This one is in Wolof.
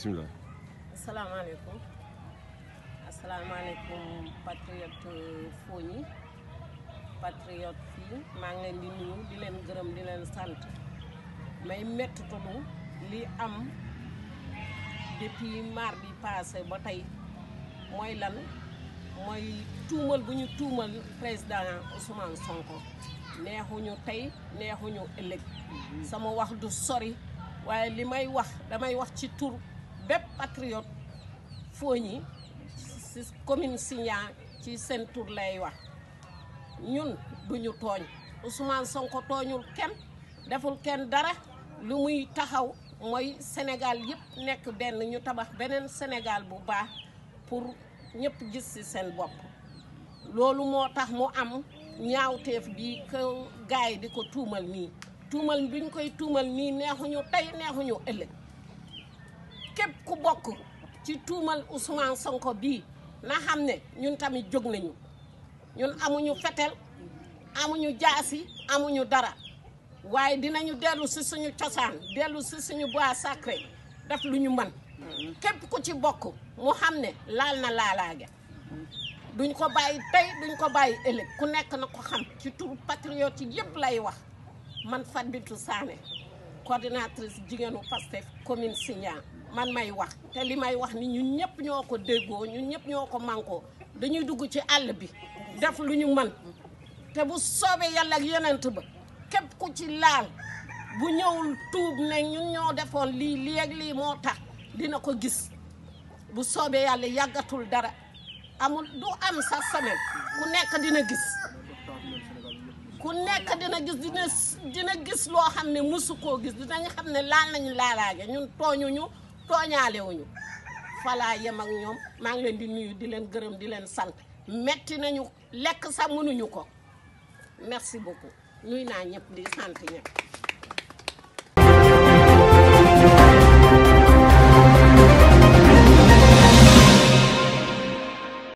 bisimilah. asalaamaaleykum asalaamaaleykum patriote Fogny patriote fii maa ngi leen di nuyu di leen gërëm di leen sant may méttitulu li am mar bi passé ba tey mooy lan mooy tuumal bu ñu tuumal président Ousmane Sonko neexuñu tey neexuñu ëllëg mhm. sama wax du sori waaye li may wax damay wax ci tur bépp patriote Fogni ci commune Sindian ci seen tur lay wax ñun duñu tooñ Ousmane Sonko tooñul kenn deful kenn dara lu muy taxaw mooy Sénégal yëpp nekk benn ñu tabax beneen Sénégal bu baax pour ñëpp gis ci seen bopp loolu moo tax mu am ñaawteef bi ko gaay di ko tuumal nii tuumal bi koy tuumal nii neexuñu tey neexuñu ëllëg képp ku bokk ci tuumal Ousmane Sonko bii na xam ne ñun tamit jóg nañu ñun amuñu fetel amuñu jaasi amuñu dara waaye dinañu dellu si suñu cosaan dellu si suñu bois sacré def lu ñu man képp ku ci bokk mu xam ne laal na laalaage duñ ko bàyyi tey duñ ko bàyyi ëllëg ku nekk na ko xam ci turu patriote yëpp lay wax man Fatou Binetou Sané coordinatrice jigéenu Pastef commune Sindian man may wax te li may wax ni ñun ñëpp ñoo ko déggoo ñun ñëpp ñoo ko mànkoo dañuy dugg ci àll bi def lu ñu mën te bu soobee yàlla ak ba képp ku ci laal bu ñëwul tuub ñun ñoo defoon lii lii lii moo tax dina ko gis bu soobee yàlla yàggatul dara amul du am sa semaine ku nekk dina gis ku nekk dina gis dina gis loo xam ne mosu koo gis dinañ xam ne laal nañu laalaage ñun tooñuñu tooñaale wuñu falaa yem ak ñoom maa ngi leen di nuyu di leen gërëm di leen sant metti nañu lekk sax mënuñu ko merci beaucoup nuy naa ñëpp di sant ñëpp